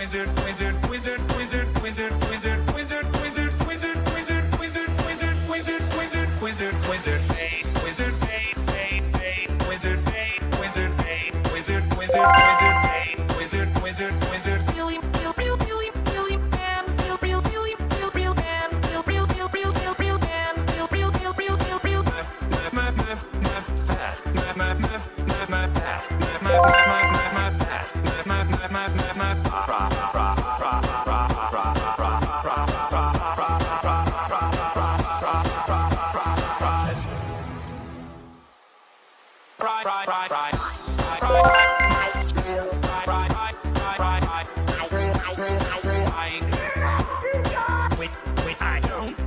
wizard, wizard, wizard, wizard, wizard, I don't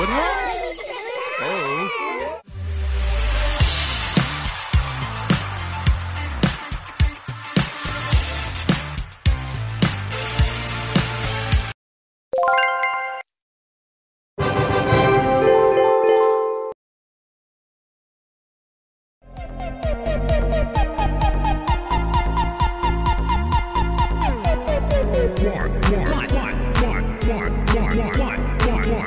wouldn't I? Oh. One, one, one, one, one, one, one, one.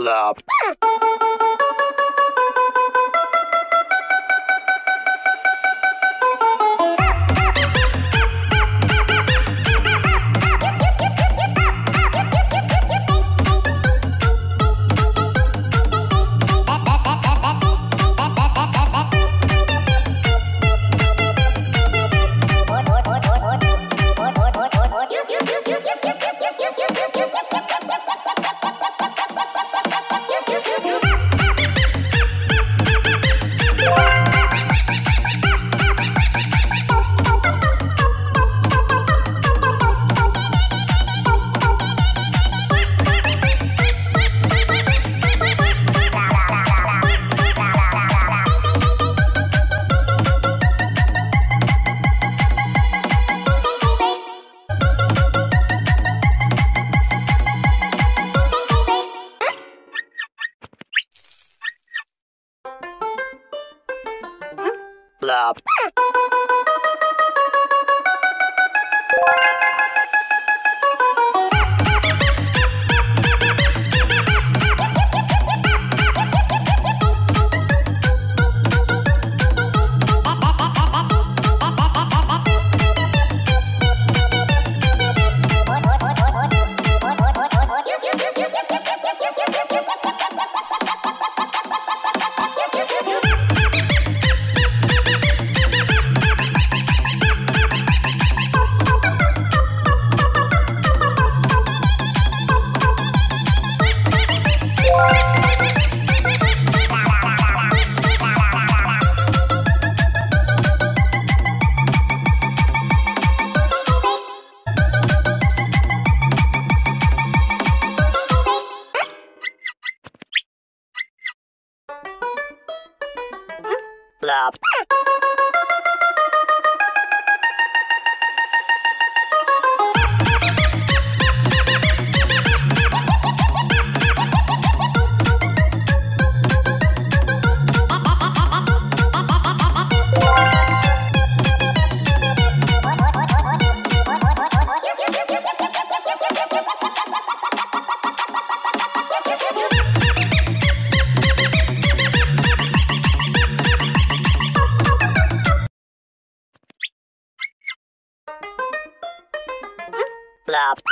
Blah. love. klappt.